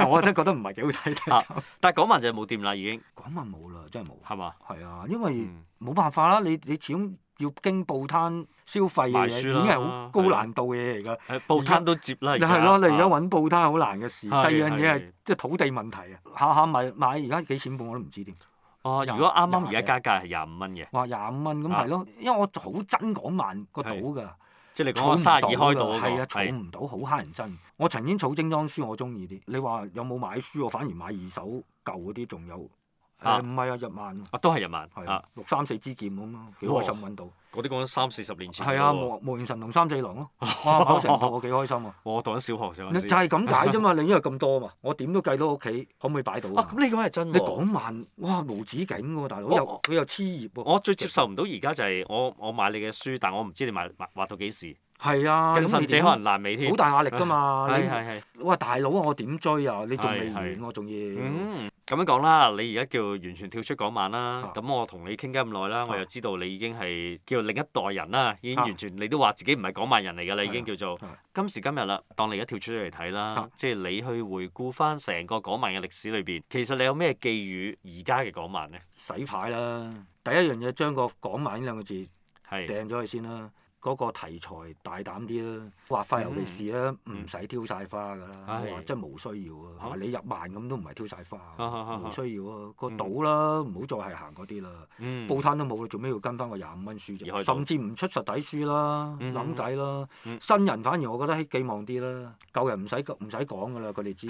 好我真覺得唔係幾好睇。 好啊！ 但係嗰晚就冇掂啦，已經。嗰晚冇啦，真係冇。係嘛吧？係啊，因為冇辦法啦，你，你始終要經報攤。消費已經係好高難度嘅嘢嚟㗎。報攤都接啦。係咯，你而家揾報攤好難嘅事。第二樣嘢係即土地問題啊！下下買買而家幾錢本我都唔知點。如果啱啱而家加價係廿五蚊嘅。話廿五蚊咁係咯，因為我好憎講萬個島㗎。即係你講唔到㗎。係啊，儲唔到好乞人憎。我曾經儲精裝書，我中意啲。你話有冇買書？我反而買二手舊嗰啲，仲有。誒唔係啊，日漫、啊，啊，都係日漫，啊，啊六三四之劍咁樣啊，幾開心揾到、啊！嗰啲講三四十年前喎。啊，無無緣神龍三四郎咯、啊，我成日我幾開心啊！我讀緊小學時候就係咁解啫嘛，你因為咁多嘛，我點都計到屋企，可唔可以擺到啊啊？啊，咁呢個係真、啊、你講漫，哇無止境喎、啊，大佬！佢又黐頁喎！我，啊、我最接受唔到而家就係我我買你嘅書，但我唔知你買畫畫到幾時。係啊，更甚至可能爛尾添，好大壓力㗎嘛！你哇，大佬，我點追啊？你仲未完喎，仲要。嗯，咁樣講啦，你而家叫完全跳出港漫啦。咁我同你傾咁耐啦，我又知道你已經係叫另一代人啦，已經完全你都話自己唔係港漫人嚟㗎啦，已經叫做今時今日啦。當你而家跳出咗嚟睇啦，即係你去回顧翻成個港漫嘅歷史裏邊，其實你有咩寄語而家嘅港漫咧？洗牌啦，第一樣嘢將個港漫呢兩個字掟咗佢先啦。嗰個題材大膽啲啦，話費尤其是啦，唔使挑晒花噶啦，即係冇需要啊。你入萬咁都唔係挑晒花，冇需要啊。個賭啦，唔好再係行嗰啲啦，報攤都冇啦，做咩要跟翻個廿五蚊書啫？甚至唔出實體書啦，諗計啦。新人反而我覺得寄望啲啦，舊人唔使唔使講噶啦，佢哋知，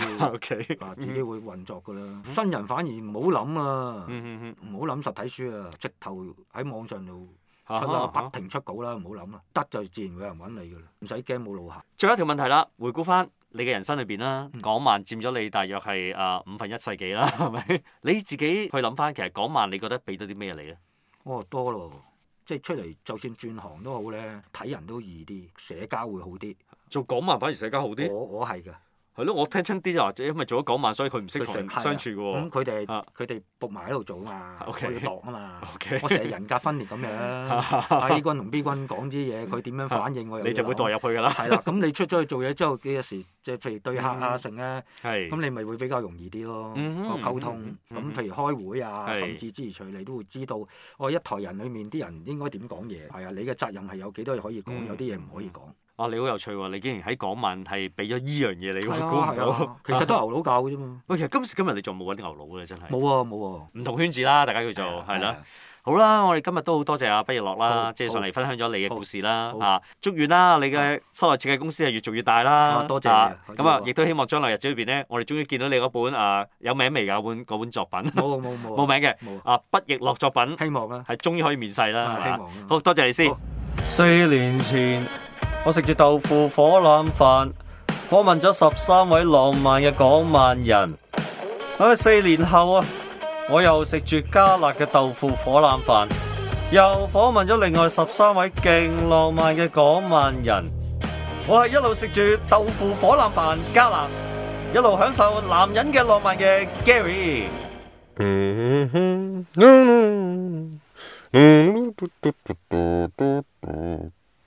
啊自己會運作噶啦。新人反而唔好諗啊，唔好諗實體書啊，直頭喺網上度。啊、出啦，不停出稿啦，唔好諗啦，得就自然會有人揾你噶啦，唔使驚冇路行。最後一條問題啦，回顧翻你嘅人生裏邊啦，港漫佔咗你大約係啊五分一世紀啦，係咪、嗯？你自己去諗翻，其實港漫你覺得俾到啲咩你咧？我、哦、多咯，即係出嚟就算轉行都好咧，睇人都易啲，社交會好啲。做港漫反而社交好啲。我我係㗎。係咯，我聽親啲就話，因為做咗九萬，所以佢唔識同人相處嘅喎。咁佢哋佢哋僕埋喺度做嘛，我要當啊嘛。我成日人格分裂咁樣，A 君同 B 君講啲嘢，佢點樣反應我，你就會代入去㗎啦。係啦，咁你出咗去做嘢之後，幾有時即係譬如對客啊，剩啊，咁你咪會比較容易啲咯，個溝通。咁譬如開會啊，甚至之類，你都會知道，哦一台人裡面啲人應該點講嘢。係啊，你嘅責任係有幾多嘢可以講，有啲嘢唔可以講。啊！你好有趣喎，你竟然喺港文係俾咗依樣嘢你，估唔到。其實都係牛佬教嘅啫嘛。喂，其實今時今日你仲冇揾啲牛佬嘅，真係。冇啊，冇啊，唔同圈子啦，大家叫做係啦。好啦，我哋今日都好多謝阿畢業樂啦，即係上嚟分享咗你嘅故事啦。啊，祝願啦，你嘅室內設計公司係越做越大啦。啊，多謝。咁啊，亦都希望將來日子裏邊咧，我哋終於見到你嗰本啊有名未嘅嗰本嗰本作品。冇冇冇。冇名嘅。啊！畢業樂作品，希望啦，係終於可以面世啦。希望。好多謝你先。四年前。我食住豆腐火腩飯，訪問咗十三位浪漫嘅港萬人。唉，四年後啊，我又食住加辣嘅豆腐火腩飯，又訪問咗另外十三位勁浪漫嘅港萬人。我係一路食住豆腐火腩飯加辣，一路享受男人嘅浪漫嘅 Gary。